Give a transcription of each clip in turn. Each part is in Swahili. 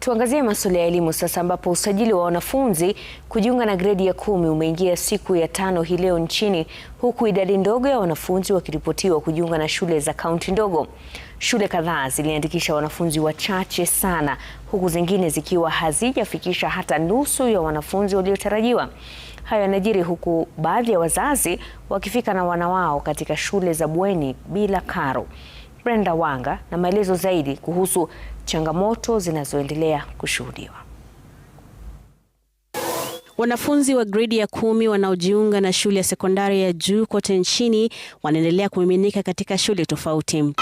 Tuangazie masuala ya elimu sasa ambapo usajili wa wanafunzi kujiunga na gredi ya kumi umeingia siku ya tano hii leo nchini huku idadi ndogo ya wanafunzi wakiripotiwa kujiunga na shule za kaunti ndogo. Shule kadhaa ziliandikisha wanafunzi wachache sana huku zingine zikiwa hazijafikisha hata nusu ya wanafunzi waliotarajiwa. Hayo yanajiri huku baadhi ya wazazi wakifika na wana wao katika shule za bweni bila karo. Brenda Wanga na maelezo zaidi kuhusu changamoto zinazoendelea kushuhudiwa. Wanafunzi wa gredi ya kumi wanaojiunga na shule ya sekondari ya juu kote nchini wanaendelea kumiminika katika shule tofauti.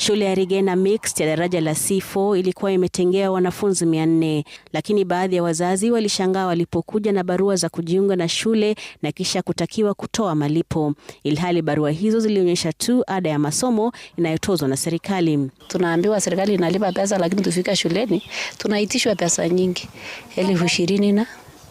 Shule ya Rigena Mixed ya daraja la C4 ilikuwa imetengewa wanafunzi 400, lakini baadhi ya wazazi walishangaa walipokuja na barua za kujiunga na shule na kisha kutakiwa kutoa malipo, ilhali barua hizo zilionyesha tu ada ya masomo inayotozwa na serikali. Tunaambiwa serikali inalipa pesa, lakini tufika shuleni tunaitishwa pesa nyingi, elfu ishirini na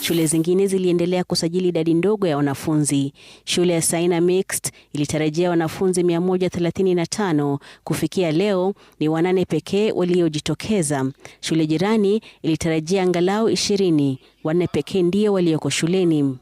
Shule zingine ziliendelea kusajili idadi ndogo ya wanafunzi. Shule ya Saina Mixed ilitarajia wanafunzi 135, kufikia leo ni wanane pekee waliojitokeza. Shule jirani ilitarajia angalau 20, wanne pekee ndio walioko shuleni.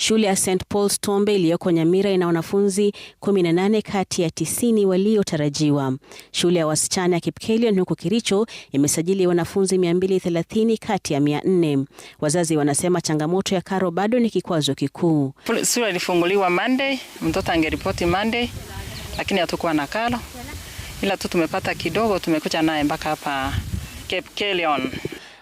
Shule ya St Paul's Tombe iliyoko Nyamira ina wanafunzi 18 kati ya 90 waliotarajiwa. Shule ya wasichana ya Kipkelion huko Kericho imesajili wanafunzi 230 kati ya 400. Wazazi wanasema changamoto ya karo bado ni kikwazo kikuu. Shule ilifunguliwa Monday, mtoto angeripoti Monday, lakini hatukuwa na karo, ila tu tumepata kidogo, tumekuja naye mpaka hapa Kipkelion.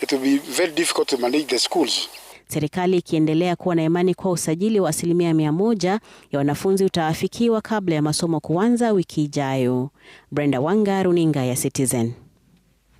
it will be very difficult to manage the schools. Serikali ikiendelea kuwa na imani kuwa usajili wa asilimia mia moja ya wanafunzi utaafikiwa kabla ya masomo kuanza wiki ijayo. Brenda Wanga, runinga ya Citizen.